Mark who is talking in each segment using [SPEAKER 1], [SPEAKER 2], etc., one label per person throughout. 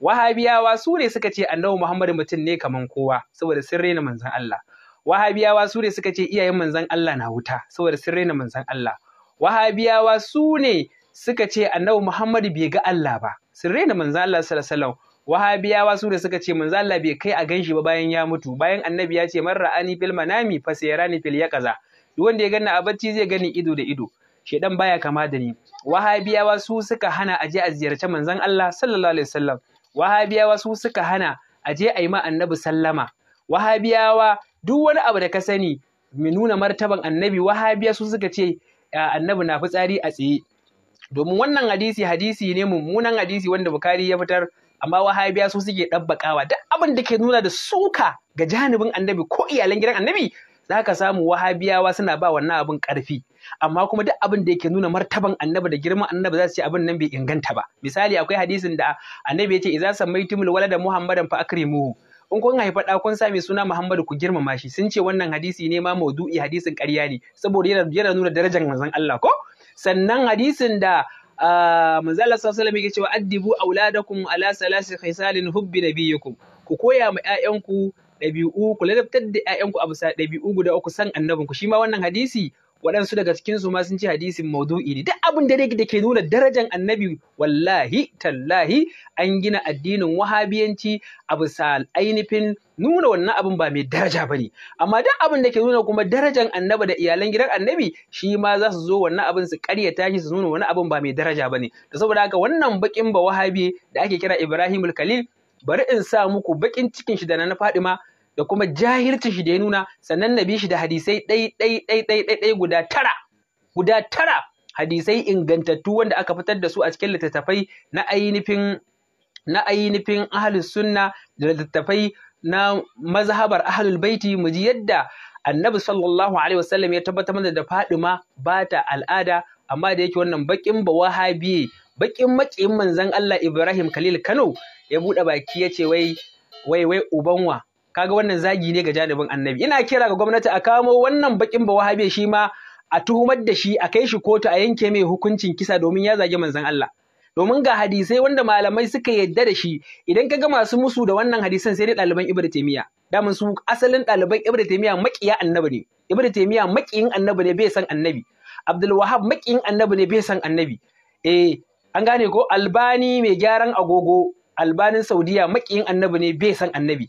[SPEAKER 1] wahabiyawa su ne suka ce annabi muhammadu mutum ne kaman kowa saboda sun raina manzon Allah wahabiyawa su ne suka ce iyayen manzon Allah na wuta saboda sun raina manzon Allah wahabiyawa su ne suka ce annabi muhammadu bai ga Allah ba sun raina manzon Allah sallallahu alaihi wasallam wahabiyawa su ne suka ce manzon Allah bai kai a ganshi ba bayan ya mutu bayan annabi ya ce man ra'ani fil manami fa sayarani fil yaqaza duk wanda ya ganni a bacci zai gani ido da ido shedan baya kama da ni wahabiyawa su suka hana aje a ziyarci manzon Allah sallallahu alaihi wasallam wahabiyawa su suka hana a je a yi ma annabi sallama wahabiyawa duk wani abu da ka sani mai nuna martaban annabi wahabiya su suka ce annabi na fitsari a tsaye domin wannan hadisi hadisi ne mummunan hadisi wanda bukari ya fitar amma wahabiya su suke ɗabbakawa duk abin da ke nuna da suka ga janibin annabi ko iyalan gidan annabi za ka samu wahabiyawa suna ba wannan abin ƙarfi amma kuma duk abin da yake nuna martaban annabi da girman annabi za su ce abin nan bai inganta ba misali akwai hadisin da annabi ya ce idza samaitumul walada muhammadan fa akrimuhu in kun haifa ɗa kun sa suna Muhammadu ku girmama shi sun ce wannan hadisi ne ma maudu'i hadisin ƙarya ne saboda yana yana nuna darajar manzon Allah ko sannan hadisin da ah, manzon Allah sallallahu alaihi yake cewa addibu auladakum ala salasi khisalin hubbi nabiyyikum ku koya ma ƴaƴanku ɗabi'u ku ladabtar da ƴaƴanku a bisa ɗabi'u guda uku san annabinku shi ma wannan hadisi waɗansu daga cikin su ma sun ce hadisin maudu'i ne duk abin da da ke nuna darajar annabi wallahi tallahi an gina addinin wahabiyanci a bisa ainihin nuna wannan abin ba mai daraja bane amma duk abin da ke nuna kuma darajar annabi da iyalan gidan annabi shi ma za su zo wannan abin su karyata shi su nuna wani abin ba mai daraja bane da saboda haka wannan bakin ba wahabi da ake kira Ibrahimul Khalil bari in sa muku bakin cikin shi da na Fadima da kuma jahirci shi da ya nuna sannan na bi shi da hadisai ɗai ɗai ɗai ɗai ɗai ɗai guda tara guda tara hadisai ingantattu wanda aka fitar da su a cikin littattafai na ainihin na ainihin ahlus sunna da littattafai na mazhabar ahlul baiti mu ji yadda annabi sallallahu alaihi wasallam ya tabbatar mana da faduma ba ta al'ada amma da yake wannan bakin ba wahabiye bakin makiyin manzon Allah Ibrahim Khalil Kano ya buɗe baki ya ce wai wai wai ubanwa kaga wannan zagi ne ga janibin annabi ina kira ga gwamnati a kamo wannan bakin ba wahabe shi ma a tuhumar da shi a kai shi kotu a yanke mai hukuncin kisa domin ya zagi manzon Allah domin ga hadisai wanda malamai suka yadda da shi idan ka ga masu musu da wannan hadisan sai dai ɗaliban ibnu taymiya daman su asalin ɗaliban ibnu taymiya makiya annabi ne ibnu taymiya makiyin annabi ne bai san annabi abdul wahab makiyin annabi ne bai san annabi eh an gane ko albani mai gyaran agogo albanin saudiya makiyin annabi ne bai san annabi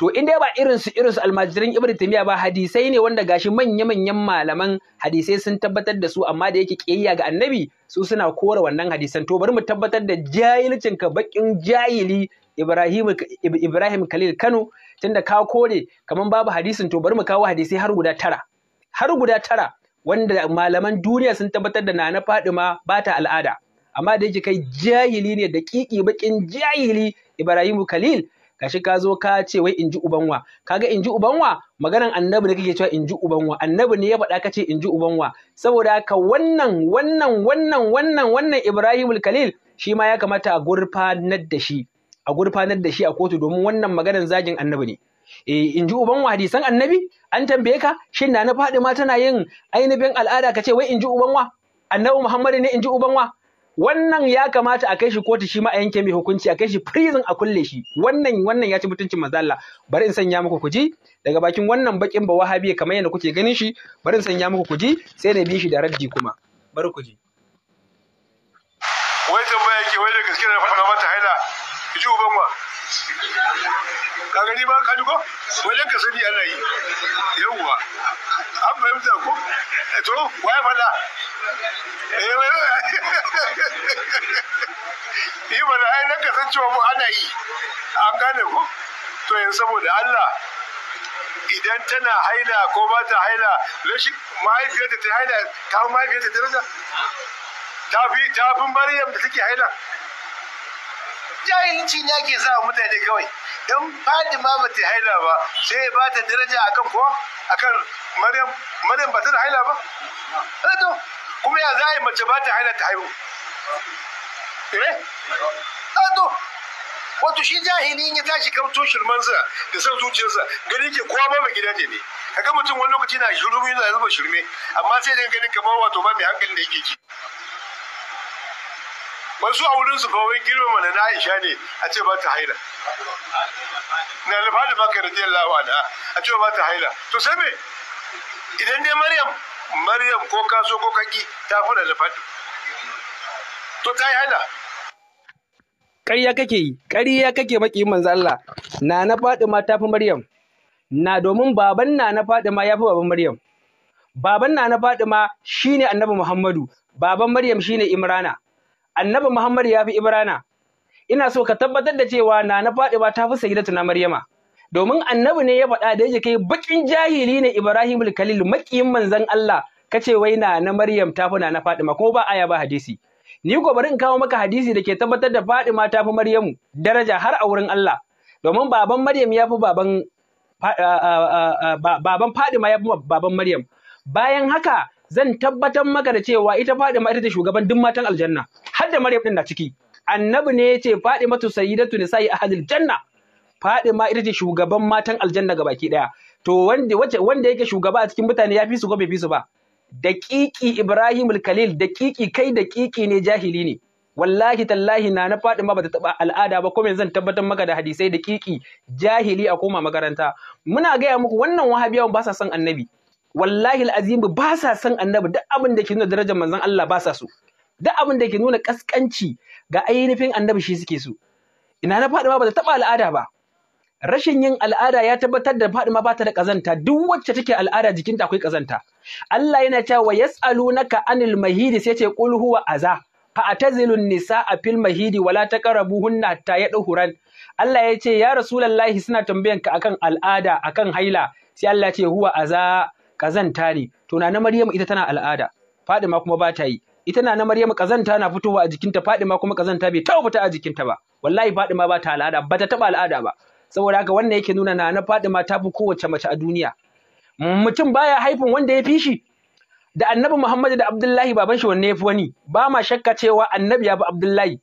[SPEAKER 1] to in dai ba irin su irin su almajiran ibnu taymiya ba hadisai ne wanda gashi manya manyan malaman hadisai sun tabbatar da su amma da yake kiyayya ga annabi su suna kora wannan hadisan to bari mu tabbatar da jahilcin ka bakin jahili Ibrahim Ibrahim Khalil Kano tunda ka kore kaman babu hadisin to bari mu kawo hadisai har guda tara har guda tara wanda malaman duniya sun tabbatar da Nana Fadima ba ta al'ada amma da yake kai jahili ne da kiki bakin jahili Ibrahim Khalil gashi ka zo ka ce wai inji ubanwa kaga in ji ubanwa maganan annabi ne kake cewa in ji ubanwa annabi ne ya faɗa ka ce in ubanwa saboda ka wannan wannan wannan wannan wannan Ibrahimul Khalil shi ma ya kamata a gurfanar da shi a gurfanar da shi a kotu domin wannan maganan zagin annabi ne eh in ubanwa hadisan annabi an tambaye ka shin na na faɗi ma tana yin ainihin al'ada ka ce wai inji ji uban annabi Muhammad ne inji ubanwa? wannan ya kamata a kai shi kotu shi ma a yanke mai hukunci a kai shi prison a kulle shi wannan wannan ya ci mutuncin manzo Allah bari in sanya muku kuji daga bakin wannan bakin ba wahabi kamar yadda kuke ganin shi bari in sanya muku kuji sai na bi shi da raddi kuma bari kuji
[SPEAKER 2] wai tambaya yake wai da gaske na faɗa mata haila ji uban wa ka gani ba ka duko wajen ka sani ana yi yawwa an fahimta ko eh to waye faɗa yi eh, da ai na kasancewa mu ana yi an gane ku to yanzu saboda Allah idan tana haila ko ba ta haila rashin mahaifiyarta ta haila ta fi mahaifiyarta daraja ta fi ta fi maryam da take haila jahilci ne ake sa mutane kawai dan Fatima ba ta haila ba sai ba ta daraja akan kuwa? akan Maryam Maryam ba ta haila ba eh to kuma ya za a yi mace ba ta haila ta haihu eh ado wato shi jahili in ya tashi kamto sa da son zuciyarsa gani ke kowa ba mai gidaje ne kaga mutum wani lokaci na shirme yana zuba shirme amma sai dai ganin kamar wato ba mai hankali da yake ji wasu a wurin su fa wai mana na Aisha ne a ce ba ta haila na da baka radiyallahu anha a ce ba ta haila to sai me idan dai Maryam maryam ko ka so ko ki ta fara da faɗi to kai yi hana
[SPEAKER 1] ƙarya kake yi ƙarya kake maki manzo Allah na na Fatima ta fi Maryam na domin baban na na Fatima ya fi baban Maryam baban na na Fatima shine Annabi Muhammadu baban Maryam shine Imrana Annabi Muhammad ya fi Imrana ina so ka tabbatar da cewa na na Fatima ta fi na Maryama domin annabi ne ya faɗa da yake kai bakin jahili ne Ibrahim al-Khalil makiyin manzon Allah kace wai na na Maryam ta fi na Fatima ko ba aya ba hadisi ni ko bari in kawo maka hadisi da ke tabbatar da Fatima ta fi Maryamu daraja har a wurin Allah domin baban Maryam ya fi baban baban Fatima ya fi baban Maryam bayan haka zan tabbatar maka da cewa ita Fatima ita ce shugaban duk matan aljanna har da Maryam din na ciki annabi ne ya ce Fatima tu sayyidatu nisa'i ahlil janna ma ita ce shugaban matan aljanna ga baki ɗaya. to wanda wanda yake shugaba a cikin mutane ya fi su ko bai fi su ba daƙiƙi Ibrahim al-Khalil daƙiƙi kai daƙiƙi ne jahili ne wallahi tallahi na na ma bata taba al'ada ba kuma zan tabbatar maka da hadisai daƙiƙi jahili a koma makaranta muna gaya muku wannan wahabiyawan ba sa son annabi wallahi al'azim ba sa son annabi duk abin da ke nuna darajar manzon Allah ba sa so duk abin da ke nuna kaskanci ga ainihin annabi shi suke so ina na faɗima bata taba al'ada ba rashin yin al'ada ya tabbatar da Fadima ba ta da kazanta duk wacce take al'ada jikinta akwai kazanta Allah yana cewa yas'alunaka anil mahidi sai ce qul huwa aza fa atazilun nisaa fil mahidi wala taqrabuhunna hatta yadhuran Allah ya ce ya rasulullahi suna ka akan al'ada akan haila sai Allah ya ce huwa aza kazanta ne to na Maryam ita tana al'ada Fadima kuma ba yi ita na Maryam kazanta na fitowa a jikinta Fadima kuma kazanta bai taɓa fita a jikinta ba wallahi Fadima ba ta al'ada ba ta al'ada ba saboda haka wannan yake nuna na na fadi ta fi kowace mace a duniya mutum baya haifin wanda ya fi shi da annabi Muhammadu da Abdullahi baban shi wanne ya fi wani ba ma shakka cewa annabi ya fi Abdullahi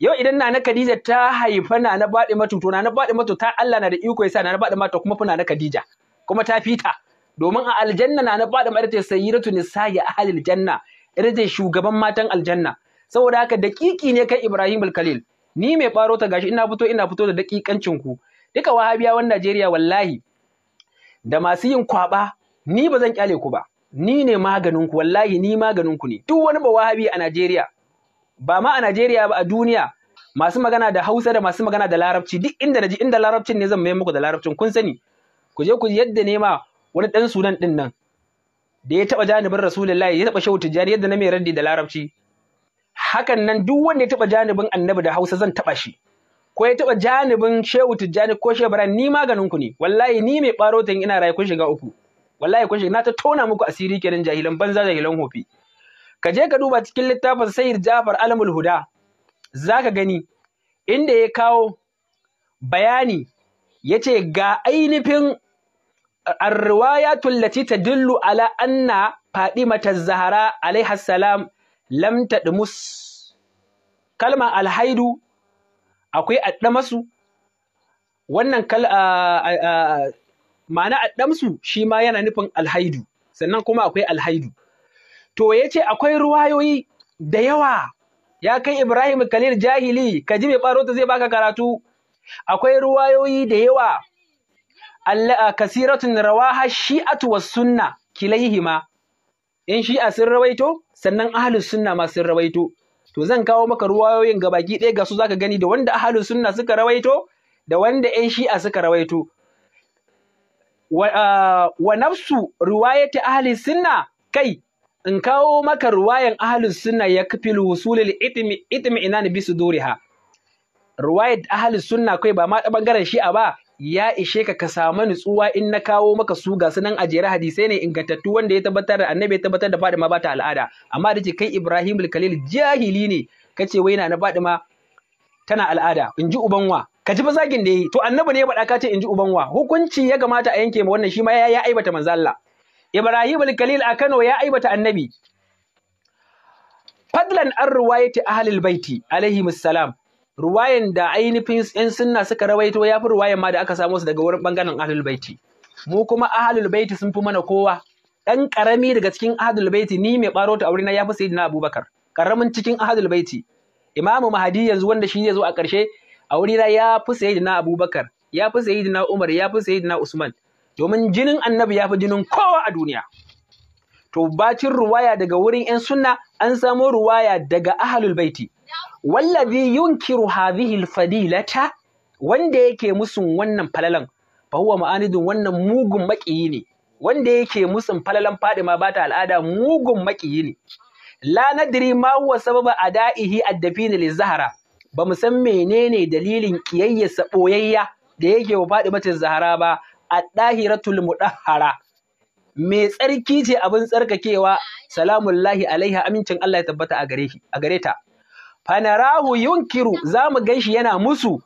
[SPEAKER 1] yau idan Nana kadija ta haifa na na fadi mata to Nana fadi mata ta Allah na da iko yasa Nana fadi mata, kuma fi na Khadija kuma ta fita domin a aljanna Nana Fatima ita ce sayyidatu nisa'i ahlil janna irin ce shugaban matan aljanna saboda haka daƙiƙi ne kai Ibrahim al-Khalil ni mai ɓaro ta gashi ina fito ina fito da dakikancin ku duka wahabiyawan Najeriya wallahi da masu yin kwaba ni ba zan kyale ku ba ni ne maganin ku wallahi ni maganin ku ne duk wani ba wahabi a Najeriya ba ma a Najeriya ba a duniya masu magana da Hausa da masu magana da Larabci duk inda naji inda Larabcin ne zan mai muku da Larabcin kun sani ku je ku yadda ne ma wani dan sunan din nan da ya taba janibin Rasulullahi ya taba shehu tijari yadda na mai raddi da Larabci hakan nan duk wanda ya taba janibin Annabi da Hausa zan taba shi ko ya taɓa janibin shehu tijjani ko shehu bara ni maganin ku ne wallahi ni mai ɓaro ta ina rayu kun shiga uku wallahi kun shiga na ta tona muku asiri kenan jahilan banza jahilan hofi ka je ka duba cikin littafin sayyid jafar alamul huda zaka gani inda ya kawo bayani ya ce ga ainihin arwayatul lati tadullu ala anna fadimata zahara alaiha salam lam tadmus kalma alhaidu akwai addamasu wannan kal ma'ana addamsu shi ma yana nufin alhaidu sannan kuma akwai alhaidu to ya ce akwai ruwayoyi da yawa ya kai Ibrahim Khalil jahili ka ji mai ɓaro ta zai baka karatu akwai ruwayoyi da yawa kasiratun rawaha shi'atu was sunna kilaihima in shi'a sun rawaito sannan ahlus sunna ma sun rawaito to zan kawo maka ruwayoyin gabaki ɗaya ga su zaka gani da wanda ahalu sunna suka rawaito da wanda ƴan shi'a suka rawaito wa, uh, wa nafsu riwayati ahli sunna kai in kawo maka ruwayan ahli sunna ya kafil husulil itmi itmi inani bi ruwayat ahli sunna kai ba ma ta bangaren shi'a ba ya ishe ka ka samu nutsuwa in na kawo maka su ga sunan ajere hadisai ne ingantattu wanda ya tabbatar da annabi ya tabbatar da Fadima ba ta al'ada amma da ce kai Ibrahim Khalil jahili ne kace wai na Fadima tana al'ada in ji ubanwa ka ji bazagin da yi to annabi ne ya faɗa ka ce in ji ubanwa hukunci ya kamata a yanke ma wannan shi ma ya yi aibata manzo Allah Ibrahim Khalil a Kano ya aibata annabi fadlan an ruwayati ahlul baiti alaihi salam ruwayan da ainihin yan sunna suka rawaito ya fi ruwayan ma da aka samu su daga wurin bangaren ahlul baiti mu kuma ahlul baiti sun fi mana kowa ɗan ƙarami daga cikin ahlul baiti ni mai baro ta aurena ya fi sayyidina abubakar Ƙaramin cikin ahlul baiti imamu mahadi yanzu wanda shi zai zo a ƙarshe, karshe aurena ya fi sayyidina abubakar ya fi sayyidina umar ya fi na usman domin jinin annabi ya fi jinin kowa a duniya to bacin ruwaya daga wurin yan sunna an samo ruwaya daga ahlul baiti wallazi yunkiru hadhihi alfadilata wanda yake musun wannan falalan fa huwa ma'anidun wannan mugun maƙiyi ne wanda yake musun falalan Fadima bata al'ada mugun maƙiyi ne la nadri ma huwa sababa ada'ihi ad-dafin zahra ba mu san menene dalilin kiyayyarsa boyayya da yake wa Fadima Zahra ba addahiratul mudahhara me tsarki ce abin tsarkakewa salamullahi alaiha amincin Allah ya tabbata a gare shi a gare ta fanarahu yunkiru za mu gan shi yana musu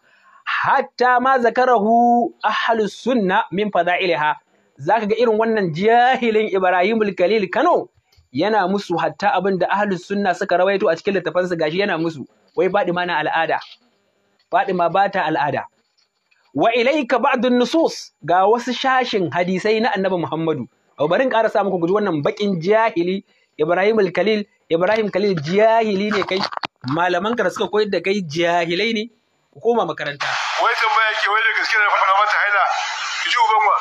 [SPEAKER 1] hatta ma zakarahu ahlus sunna min fada'iliha zaka ga irin wannan jahilin Ibrahim al Kano yana musu hatta abin da ahlu sunna suka rawaito a cikin littafansu gashi yana musu wai Fadima na al'ada Fadima ba ta al'ada wa ilayka ba'dun nusus ga wasu shashin hadisai na Annabi Muhammadu bari in ƙara sa muku guji wannan baƙin jahili Ibrahim al-Khalil Ibrahim Khalil jahili ne kai malaman ka da suka koyar da kai jahilai ne ku koma makaranta
[SPEAKER 2] wai tambaya ke wai da gaske na faɗa mata haila ki ji uban wa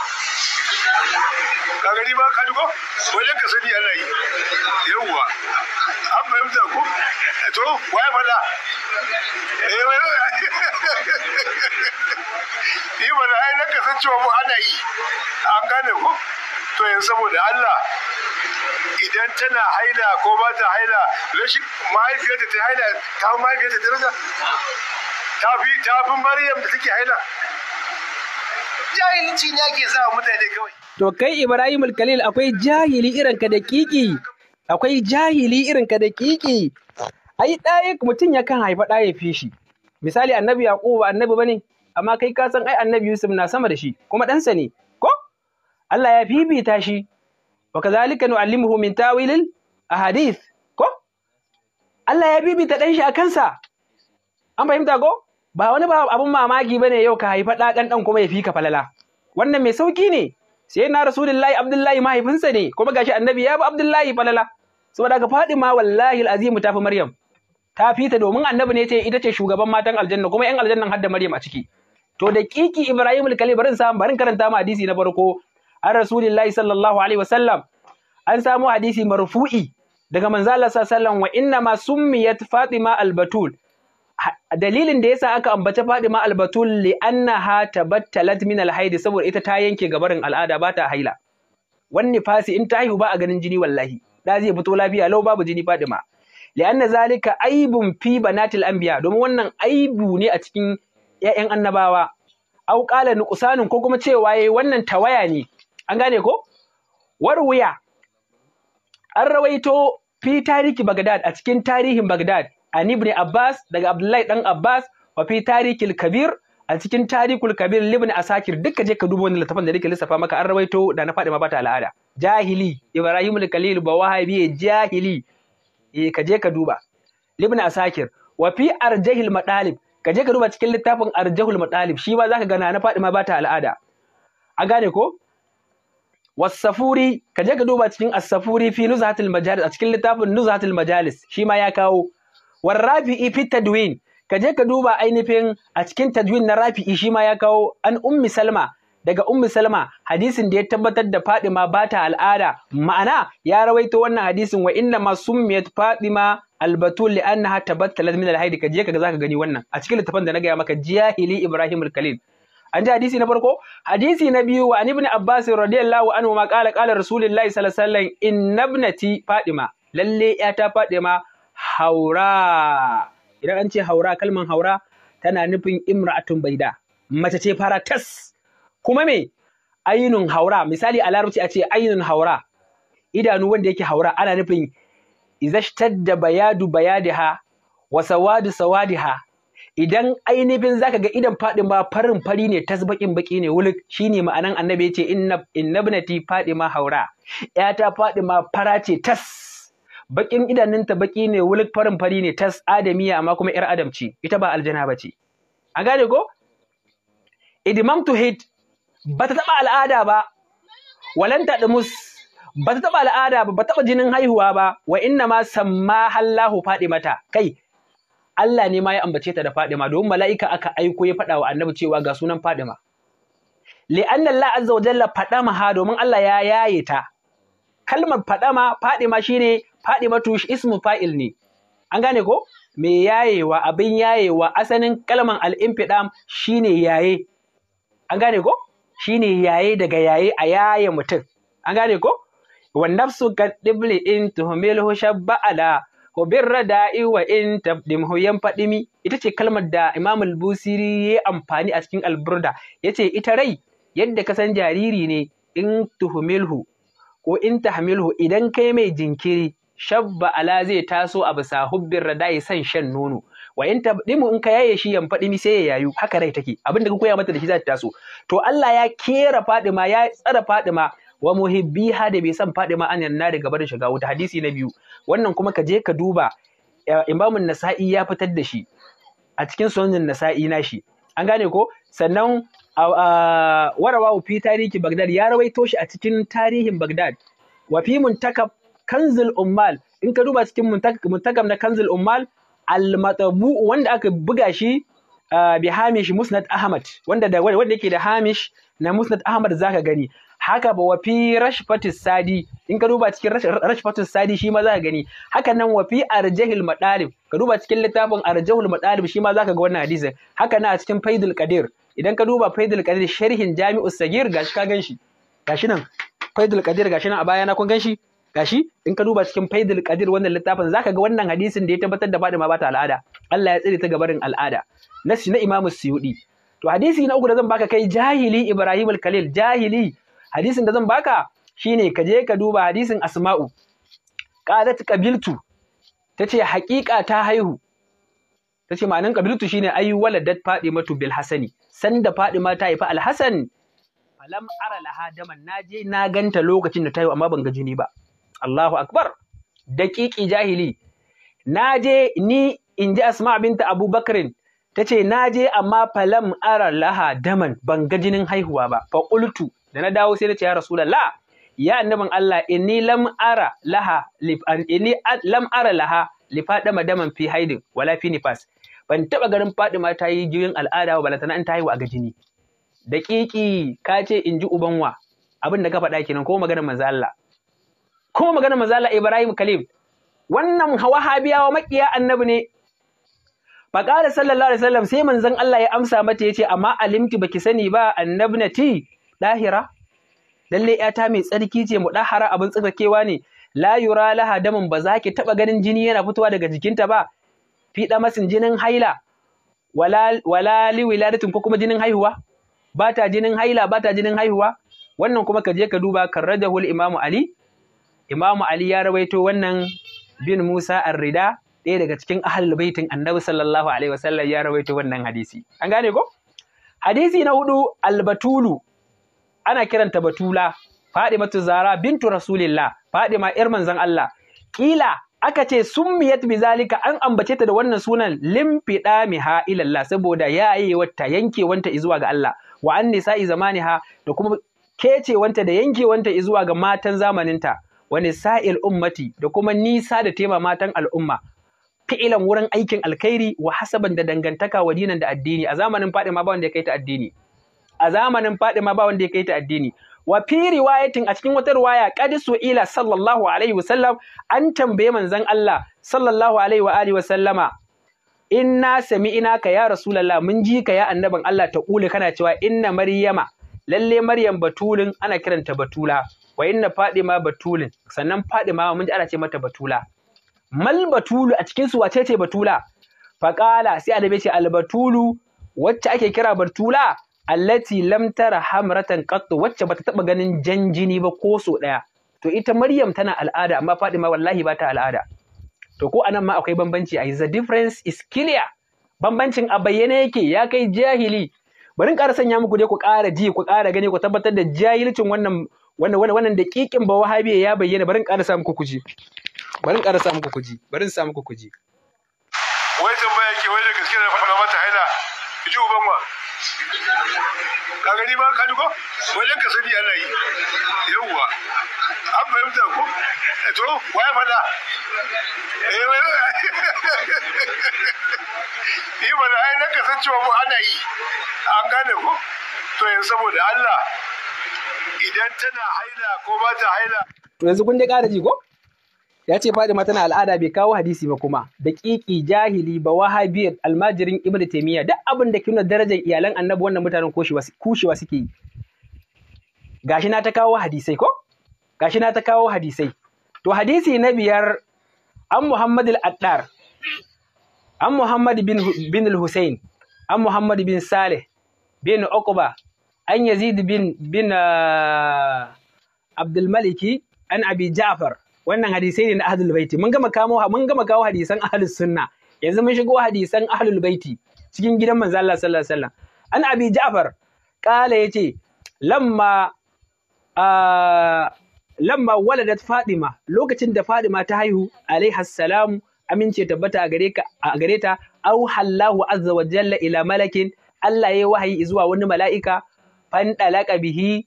[SPEAKER 2] ka ba ka dugo? wai ka sani ana yi yawwa an fahimta ko eh, to waye faɗa eh wai yi mana ai na cewa mu ana yi an gane ko to yanzu saboda Allah idan tana haila ko ba ta haila rashin mahaifiyarta ta haila ta mahaifiyarta ta rasa ta fi ta fi maryam da take haila jahilci ne ake sa mutane kawai
[SPEAKER 1] to kai ibrahim khalil akwai jahili irin ka da kiki akwai jahili irin ka da kiki ai ɗaya mutum ya kan haifa ɗaya fi shi misali annabi ba annabi bane amma kai ka san ai annabi yusuf na sama da shi kuma ɗansa ne ko Allah ya fifita shi wa kazalika nu'allimuhu min tawilil ahadith ko Allah ya bibita ɗan shi a kansa an fahimta ko ba wani ba abun mamaki ba ne yau ka haifa ɗakan ɗan kuma ya fi ka falala wannan mai sauki ne sai na rasulullahi abdullahi mahaifinsa ne kuma gashi annabi ya bi abdullahi falala saboda faɗi ma wallahi alazimu fi maryam ta fita domin annabi ne ta ita ce shugaban matan aljanna kuma yan aljannan har da maryam a ciki to da kiki ibrahim alkali barin sa barin karanta ma hadisi na farko an rasulullahi sallallahu alaihi wasallam an samu hadisi marfu'i daga manzo Allah sallallahu alaihi wasallam wa inna ma summiyat fatima al dalilin da yasa aka ambaci Fatima albatul li annaha tabattalat min alhaid saboda ita ta yanke gabarin al'ada ba ta haila Wannan fasi in ta haihu ba a ganin jini wallahi da zai fito lafiya lau babu jini Fatima li anna zalika aibun fi banatil anbiya domin wannan aibu ne a cikin 'ya'yan annabawa au qala nuqsanun ko kuma cewa yayi wannan tawaya ne an gane ko warwiya an rawaito fi tarihi Bagdad a cikin tarihin Bagdad an ibn Abbas daga Abdullahi dan Abbas wa fi tarikil kabir a cikin tarikul kabir libni asakir duka je ka duba wannan littafin da nake lissafa maka an rawaito da na fadi ma bata al'ada jahili ibrahim al-khalil ba wahabi jahili eh ka je ka duba libni asakir wa fi arjahil madalib ka je ka duba cikin littafin arjahul madalib shi ba za zaka ga na fadi ma bata al'ada a gane ko wasafuri ka je ka duba cikin asafuri fi nuzatul majalis a cikin littafin nuzatul majalis shi ma ya kawo war rafi'i fi tadwin ka je ka duba ainihin a cikin tadwin na rafi'i shi ma ya kawo an ummi salma daga ummi salma hadisin da ya tabbatar da fadima ba ta al'ada ma'ana ya rawaito wannan hadisin wa inna ma summiyat fadima albatul li annaha tabattalat min alhayd ka je ka zaka gani wannan a cikin littafin da na gaya maka jahili ibrahim al-khalil an ji hadisi na farko hadisi na biyu wa an ibn abbas radiyallahu anhu ma qala qala rasulullahi sallallahu alaihi wasallam inna ibnati fadima lalle yata fadima haura idan an ce haura kalman haura tana nufin imra'atun baida mace ce fara tas kuma me ainun haura misali a larabci a ce ainun haura idanu wanda yake haura ana nufin da bayadu bayadiha wa sawadu sawadiha idan ainihin zaka ga idan fadin ba farin fari ne tasbakin baki ne wuluk shine ma'anan annabi yace inna innabnati fadima haura yata fadima fara ce tas bakin idanunta baki ne wulik farin fari ne tas adamiya amma kuma yar adamci, ita ba aljana ba ce an gane ko idimam to hate ta taba al'ada ba walanta dumus ba ta taba al'ada ba ba taba jinin haihuwa ba wa inna ma samma hallahu mata kai Allah ne ma ya ambace ta da Fadima domin mala'ika aka aiko ya faɗa wa annabi cewa ga sunan Fadima li'anna Allah azza wa jalla fadama ha domin Allah ya yaye ta kalmar fadama fadima shine Fadimatu ismu fa'il ne. An gane ko? Me yayewa abin yayewa asalin kalman al’infidam shi shine yaye. An gane ko? Shine yaye daga yaye a yaye mutum. An gane ko? Wa nafsu kad ɗibli in ba’ala, ko birra da iwa in tabdimhu yan faɗimi, ita ce kalmar da Imam al-Busiri ya amfani a cikin alburda ya yace ita rai yadda ka san jariri ne in tuhumilhu ko in tahmilhu idan kai mai jinkiri shabba ala zai taso a bisa hubbin radai san shan nono wa in ta dimu in ka yaye shi yan mi sai ya yayu haka rai take abin da ka koya mata da shi za ta taso to Allah ya kera Fadima ya tsara Fadima wa muhibbiha da bai san Fadima an yanna da gaba da shiga wuta hadisi na biyu wannan kuma ka je ka duba Imamun Nasa'i ya fitar da shi a cikin sunan Nasa'i na shi an gane ko sannan warawa fi tarihi Bagdad ya rawaito shi a cikin tarihin Bagdad wa fi muntakab kanzul ummal in ka duba cikin muntakam na kanzul ummal al-matabu wanda aka buga shi ah, bi hamish musnad ahmad wanda da wanda yake da hamish na musnad ahmad zaka gani haka ba wafi rashfatu sadi in ka duba cikin rashfatu sadi shi ma zaka gani haka nan wafi arjahil madalib ka duba cikin littafin arjahul madalib shi ma zaka ga wannan hadisin haka nan a cikin faidul qadir idan ka duba faidul qadir sharhin jami'us sagir gashi ka ganshi gashi nan faidul qadir gashi nan a baya na kun ganshi gashi in ka duba cikin faidul qadir wannan littafin zaka ga wannan hadisin da ya tabbatar da bada ba ta al'ada Allah ya tsire ta gabarin al'ada nasi na imamu suyudi to hadisi na uku da zan baka kai jahili ibrahim al-khalil jahili hadisin da zan baka shine ka je ka duba hadisin asma'u qalat qabiltu tace haƙiƙa ta haihu tace ma'anin qabiltu shine ayi waladat fadimatu bil hasani sanda fadima ta haifa al hasan falam ara laha daman naje na ganta lokacin da ta haihu amma ban ga jini ba Allahu akbar daƙiƙi jahili na je ni in ji asma binta abubakarin ta ce na je amma falam ara laha daman ban ga jinin haihuwa ba fa qultu da na dawo sai na ce ya rasulullah ya annabin Allah inni lam ara laha inni lam ara laha li fadama daman fi haidin wala fi nifas ban taba garin fadima ta yi jinin al'ada ba balantana an ta haihu a ga jini daƙiƙi ka ce in ji ubanwa abin da ka faɗa kenan ko magana manzo Allah ko magana manzala Ibrahim Kalim. wannan wahabiyawa makiya annabi ne qala sallallahu alaihi wasallam sai manzon Allah ya amsa mata yace amma alimti baki sani ba annabnati dahira lalle yata mai tsarki ce mu dahara abin tsakakewa ne la yura laha damun ba za ki taba ganin jini yana fitowa daga jikinta ba fiɗa masin jinin haila wala wala wiladatin ko kuma jinin haihuwa ba jinin haila ba jinin haihuwa wannan kuma ka je ka duba karrajahul imamu ali imamu ali ya rawaito wannan bin musa ar-rida ɗaya daga cikin ahlul baitin annabi sallallahu alaihi wasallam ya rawaito wannan hadisi an gane ko hadisi na hudu Al-Batulu, ana kiranta batula fadimatu zara bintu rasulillah fadima yar manzon Allah kila aka ce summiyat zalika an ambace ta da wannan sunan limfida miha ilallah saboda yayewata yankewanta izuwa ga Allah wa an zamaniha da kuma kecewanta da yankewanta izuwa ga matan zamaninta wani sa'il ummati da kuma nisa da tema matan al'umma fi'ilan wurin aikin alkhairi wa hasaban da dangantaka wa dinan da addini a zamanin Fadima ba wanda ya kai ta addini a zamanin Fadima ba wanda ya kai ta addini wa fi riwayatin a cikin wata riwaya qadisu Ila, sallallahu alaihi wasallam an tambaye manzan Allah sallallahu alaihi wa alihi wasallama inna sami'ina ka ya rasulullah mun ji ka ya annaban Allah ta kula kana cewa inna maryama lalle maryam batulin ana kiranta batula wa inna fadima batulin sannan fadima mun ji ana ce mata batula mal batulu a cikin su wace ce batula faqala sai annabi ce al batulu wacce ake kira batula allati lam tara hamratan qattu wacce bata taba ganin jan jini ba ko so daya to ita maryam tana al'ada amma fadima wallahi ba ta al'ada to ko anan ma akwai bambanci ai the difference is clear bambancin a bayyane yake ya kai jahili bari in ƙara sanya muku dai ku ƙara ji ku ƙara gani ku tabbatar da jahilcin wannan wannan wannan wannan daƙiƙin ba wahabi ya bayyana bari in ƙara sa muku kuji bari in ƙara sa muku kuji bari in sa muku kuji
[SPEAKER 2] wai tambaya ke wai da gaskiya da fara mata haila ji uban wa ka gani ba ka duko wai ka sani Allah yi yawwa an fahimta ko eh to waye fada eh yi ba da ainihin kasancewa mu ana yi an gane ku to yanzu saboda Allah idan tana haila ko ba ta
[SPEAKER 1] haila to yanzu kun dai ƙara ji ko ya ce Fadima tana al'ada bai kawo hadisi ba kuma da kiki jahili ba wahabiyar almajirin Ibn taymiya duk abin da kuna darajar iyalan annabi wannan mutanen kushewa suke yi gashi na ta kawo hadisai ko gashi na ta kawo hadisai to hadisi na biyar an Muhammadu addar an Muhammad bin, bin Hussein, an Muhammad bin Saleh, bin Okuba, an Yazid bin, bin uh, ah, Abdulmaliki, an Abi Ja'far. Wannan hadisai ne na Ahlul Baiti. Mun gama kawo mun gama kawo hadisan Ahlus Sunna. Yanzu mun shigo hadisan Ahlul Baiti cikin gidan manzo Allah sallallahu alaihi wasallam. An Abi Ja'far kala yace lamma uh, lamma waladat Fatima lokacin da Fatima ta haihu alaihi assalamu amince tabbata a gare ka a gare ta au hallahu azza wa jalla ila malakin Allah yayi wahayi zuwa wani mala'ika fan dalaka bihi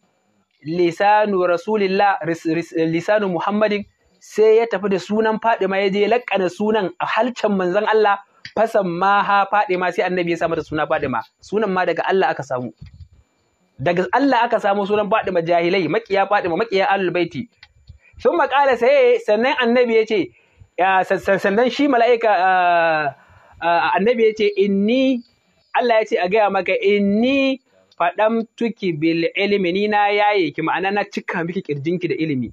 [SPEAKER 1] lisanu rasulillah lisanu muhammadin sai ya tafi da sunan Fadima ya je lakkana sunan a halcan manzon Allah fasan ma ha Fadima sai annabi ya sa mata suna Fadima sunan ma daga Allah aka samu daga Allah aka samu sunan Fadima jahilai makiya Fadima makiya alul Baiti sun maƙala sai sannan annabi ya ce sannan shi mala'ika annabi ya ce inni Allah ya ce a gaya maka inni faɗan tuki bil ilimi ni na yaye ki ma'ana na cika miki ƙirjinki da ilimi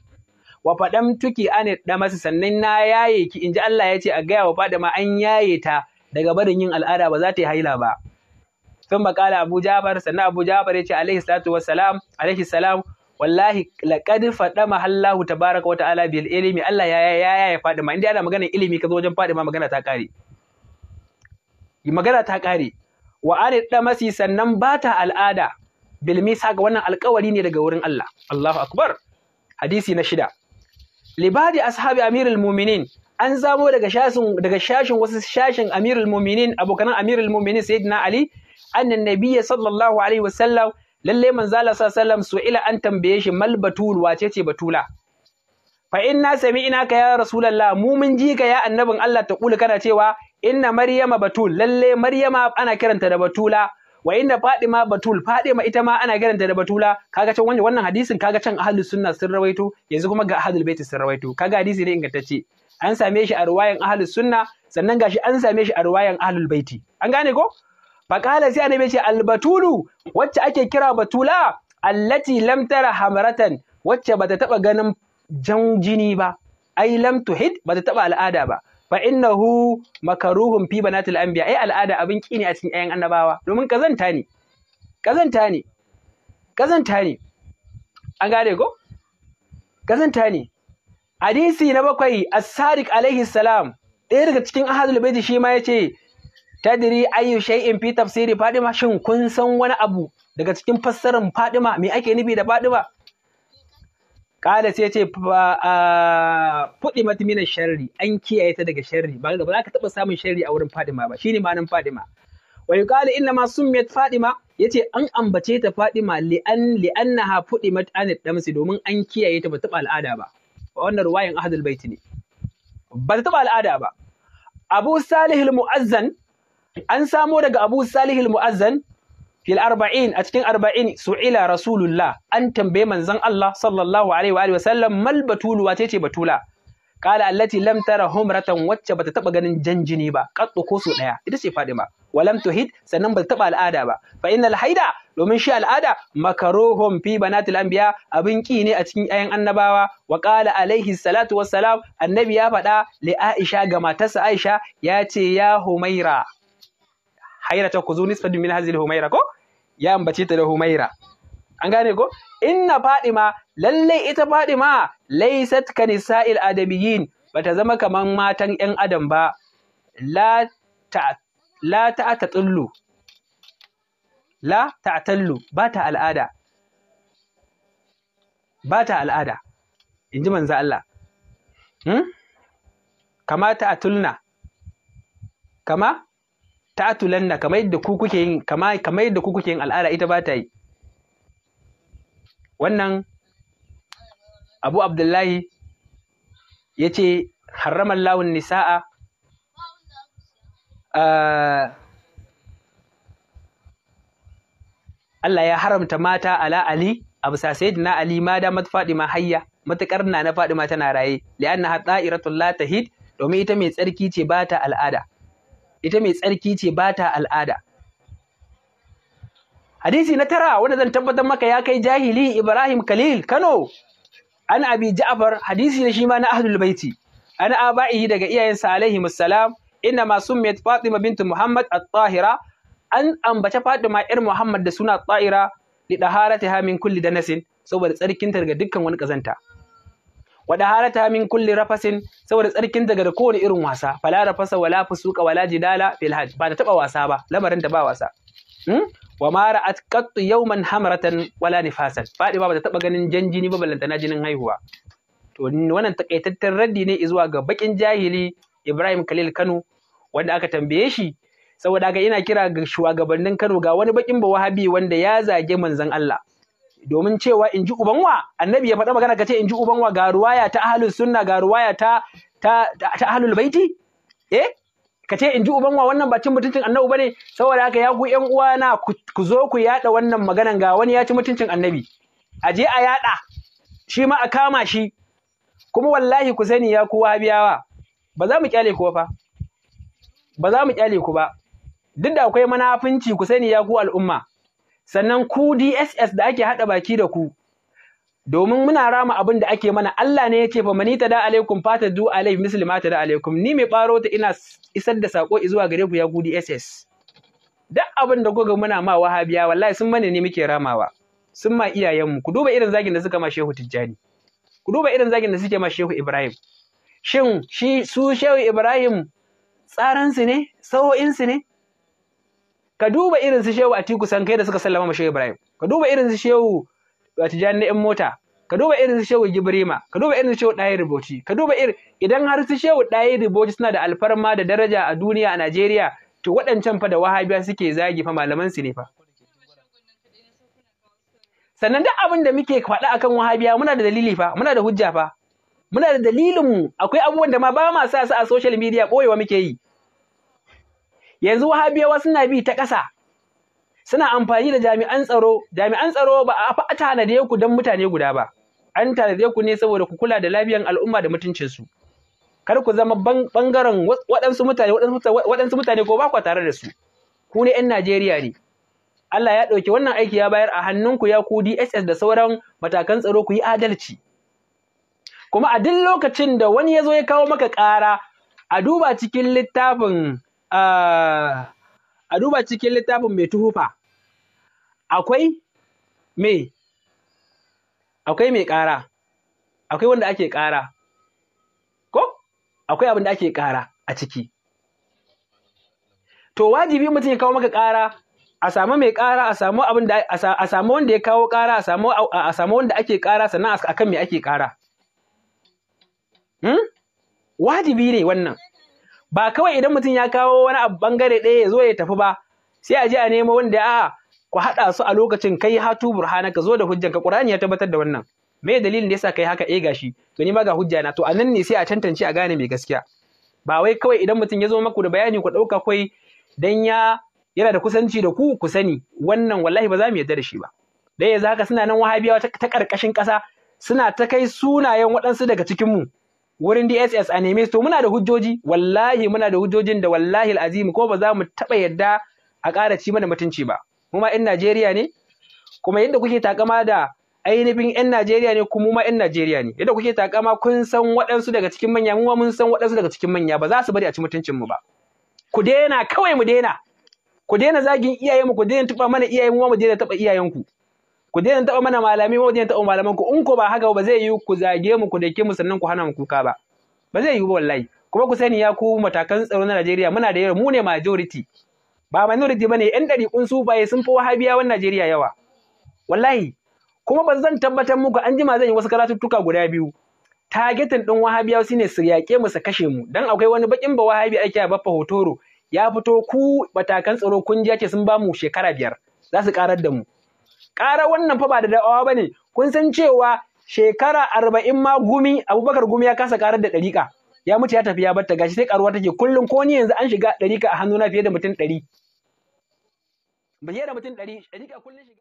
[SPEAKER 1] wa faɗan tuki an da masa sannan na yaye ki in ji Allah ya ce a gaya wa ma an yaye ta daga barin yin al'ada ba za ta yi haila ba sun makala Abu Jafar sannan Abu Jafar ya ce alaihi salatu wassalam alaihi salam wallahi laqad faɗa Allahu tabaraka wata'ala bil ilmi Allah ya ya ya fadima indai ana magana ilimi ka zo wajen ma magana ta kare magana ta kare wa anid damasi sannan bata al'ada bil misaq wannan alƙawari ne daga wurin Allah Allahu akbar hadisi na shida libadi ashabi amirul mu'minin an zamo daga shashin daga shashin wasu shashin amirul mu'minin abokan amirul mu'minin sayyidina ali annan nabiyya sallallahu alaihi wasallam lalle manzo Allah sallallahu su'ila an tambaye shi mal batul wace ce batula fa inna sami'na ka ya rasulullah mu mun ji ka ya annabin Allah ta kula kana cewa inna maryama batul lalle maryama ana kiranta da batula wa inna fadima batul fadima ita ma ana kiranta da batula kaga can wannan hadisin kaga can ahlus sunna sun rawaito yanzu kuma ga ahlul baiti sun rawaito kaga hadisi ne ingantacce an same shi a ruwayan ahlus sunna sannan gashi an same shi a ruwayan ahlul baiti an gane ko faƙala sai annabi ce albatulu wacce ake kira batula allati lam tara hamratan wacce bata taba ganin jan jini ba ai lam tuhid bata taba al'ada ba fa innahu makaruhun fi banatil anbiya ai al'ada abin kini a cikin ayan annabawa domin kazanta ne kazanta ne kazanta ne an gane ko kazanta ne hadisi na bakwai as-sadiq alaihi salam ɗaya daga cikin ahadul baiti shi ma yace tadiri ayyu shay'in fi tafsiri fadima shin kun san wani abu daga cikin fassarar fadima me ake nufi da fadima kala sai ce fudi mata mina sharri an kiyaye ta daga sharri ba ba za ka taba samun sharri a wurin fadima ba shine ma'anar fadima wa yuqalu inna ma summiyat fadima yace an ambace ta fadima li'an li'annaha fudi mata anid damsi domin an kiyaye ta ba taba al'ada ba wannan ruwayan ahadul bait ne ba ta taba al'ada ba Abu Salih al-Mu'azzan an samo daga Abu Salih al-Mu'azzan fil arba'in a cikin arba'in su'ila rasulullah an tambaye manzon Allah sallallahu alaihi wa alihi wa sallam mal batulu wace ce batula qala allati lam tara humratan wacce bata taba ganin janjini ba qattu ko su daya ita ce Fadima wa lam tuhid sannan bata taba al'ada ba fa innal haida domin shi al'ada makaruhum fi banatil anbiya abin ki ne a cikin ayan annabawa wa qala alaihi salatu wassalam annabi ya faɗa li Aisha ga matarsa Aisha ya ce ya Humaira hayrata ku zu nisfatu min hazil humaira ko ya ambace ta da humaira an gane ko inna fadima lalle ita fadima laysat ka nisa'il adamiyyin bata zama kaman matan yan adam ba la ta la ta tatullu la ta'tallu ba ta al'ada ba ta al'ada in ji manzo Allah hmm? kama ta'tulna kama na kamar yadda ku kuke yin kamar yadda ku kuke yin al'ada ita ba ta yi wannan Abu Abdullahi ya ce harraman lawun nisa'a ah, Allah ya haramta mata ala Ali abu sayyidina Ali ma da mat Fadima hayya matakar na na Fadima tana raye li'anna hatta iratul latahid domin ita mai tsarki ce ba ta al'ada ita mai tsarki ce ba ta al'ada hadisi na tara wanda zan tabbatar maka ya kai jahili Ibrahim Khalil Kano an abi ja'afar hadisi ne shi ma na ahlul baiti an aba'ihi daga iyayensa alaihi musallam ina masu summiyat Fatima bint Muhammad a tahira an ambace Fatima ‘yar Muhammad da suna tsa'ira li ɗaharata ha min kulli danasin saboda tsarkinta daga dukkan wani ƙazanta. wada halata min kulli rafasin saboda tsarkin daga da kowane irin wasa fala rafasa wala fusuka wala jidala fil hajj ba ta taba wasa ba lamarin ta ba wasa hmm? wa ma ra'at qat yawman hamratan wala nifasan fadi ba ta taba ganin jan jini ba ballantana jinin haihuwa to wannan takaitaccen raddi ne zuwa ga bakin jahili Ibrahim Khalil Kano wanda aka tambaye shi saboda ga ina kira ga shugabannin Kano ga wani bakin bawahabi wanda ya zage manzon Allah domin cewa in ji ubanwa annabi ya faɗa magana ka ce in ji ubanwa ga ruwaya ta ahlul sunna ga ruwaya ta ta ta ahlul baiti eh ka ce in ji ubanwa wannan ba cin mutuncin annabi bane saboda haka ya ku ƴan uwana ku zo ku yaɗa wannan maganan ga wani ya ci mutuncin annabi a je a yaɗa shi ma a kama shi kuma wallahi ku sani ya kuwa biyawa ba za mu kyale ku fa ba za mu kyale ku ba duk da akwai manafinci ku sani ya ku al'umma sannan ku DSS da ake haɗa baki da ku domin muna rama abin da ake mana Allah ne ya ce fa manita da alaikum fata du alaihi muslima ta da alaikum ni mai baro ta ina isar da sako zuwa gare ku ya ku DSS duk abin da goga muna ma wahabiya wallahi sun mane ne muke ramawa sun ma iyayenmu ku duba irin zagin da suka ma Shehu Tijjani ku duba irin zagin da suke ma Shehu Ibrahim shin shi su Shehu Ibrahim tsaransu ne sawo'insu ne ka duba irin su shehu Atiku Sankai da suka sallama mu shehu Ibrahim ka duba irin su shehu uh, Tijjani ɗan mota ka duba irin su shehu Jibrima ka duba irin su shehu Ɗayi Ribauci ka duba irin idan har su shehu ɗaya Ribauci suna da alfarma da daraja a duniya a Najeriya to waɗancan fa da wahabiya suke zagi fa malaman su ne fa sannan duk abin da muke faɗa akan wahabiya muna da dalili fa muna da hujja fa muna da dalilin mu akwai abubuwan da ma ba ma sa su a social media ɓoyewa muke yi yanzu wahabiyawa suna bi ta ƙasa suna amfani da jami'an tsaro jami'an tsaro ba a fa tanade ku dan mutane guda ba an tanade ku ne saboda ku kula da lafiyar al'umma da mutuncinsu kar ku zama bangaren waɗansu mutane waɗansu mutane ko ba ku tare da su ku ne 'yan Najeriya ne Allah ya ɗauki wannan aiki ya bayar a hannunku ya ku DSS da sauran matakan tsaro ku yi adalci kuma a duk lokacin da wani ya zo ya kawo maka ƙara a duba cikin littafin Ah, a duba cikin littafin mai tuhufa akwai me akwai mai ƙara akwai wanda ake ƙara ko akwai abin da ake ƙara a ciki to wajibi mutum ya kawo maka ƙara a samu mai ƙara a samu abin da a samu wanda ya kawo ƙara a samu a samu wanda ake ƙara sannan akan me ake ƙara hmm? wajibi ne wannan ba kawai idan mutum ya kawo wani abu bangare ɗaya ya zo ya tafi ba sai a je a nemo wanda a ku haɗa su a lokacin kai hatu burhana ka zo da hujjan ka Qur'ani ya tabbatar da wannan me dalilin da yasa kai haka eh gashi to ni ma ga hujja na to anan ne sai a tantance a gane mai gaskiya ba wai kawai idan mutum ya zo maku da bayani ku ɗauka kai dan ya yana da kusanci da ku ku sani wannan wallahi ba za mu yarda da shi ba da yanzu haka suna nan wahabiyawa ta karkashin ƙasa suna ta kai sunayen waɗansu daga cikin mu wurin DSS a neme to muna da hujjoji wallahi muna da hujjojin da wallahi alazim ko ba za mu taba yadda a ƙara ci mana mutunci ba mu ma 'yan Najeriya ne kuma yadda kuke takama da ainihin 'yan Najeriya ne kuma ma 'yan Najeriya ne yadda kuke takama kun san waɗansu daga cikin manya mu mun san waɗansu daga cikin manya ba za su bari a ci mutuncin mu ba ku daina kawai mu daina ku daina zagin iyayenmu ku daina tuba mana iyayenmu mu daina taba iyayenku ku daina taɓa mana malami ku daina taɓa malaman ku in ku ba haka ba zai yi ku zage mu ku dake mu sannan ku hana mu kuka ba ba zai yi ba wallahi kuma ku sani ya ku matakan tsaro na Najeriya muna da yawa mu ne majority ba minority bane yan su sufaye sun fi wahabiyawan Najeriya yawa wallahi kuma ba zan tabbatar muku an jima zan yi wasu karatuttuka guda biyu targetin ɗin wahabiyawa shine su yaƙe mu su kashe mu dan akwai wani bakin ba wahabi ake baffa hotoro ya fito ku matakan tsaro kun ji ce sun ba mu shekara biyar za su karar da mu ƙara wannan fa ba da da'awa ba ne kun san cewa shekara arba'in ma gumi abubakar gumi ya kasa karar da ɗariƙa ya mutu ya tafi ya batta gashi sai karuwa take kullum ko ni yanzu an shiga ɗariƙa a hannuna fiye da mutum ɗari. Fiye da mutum ɗari ɗariƙa kullum shiga.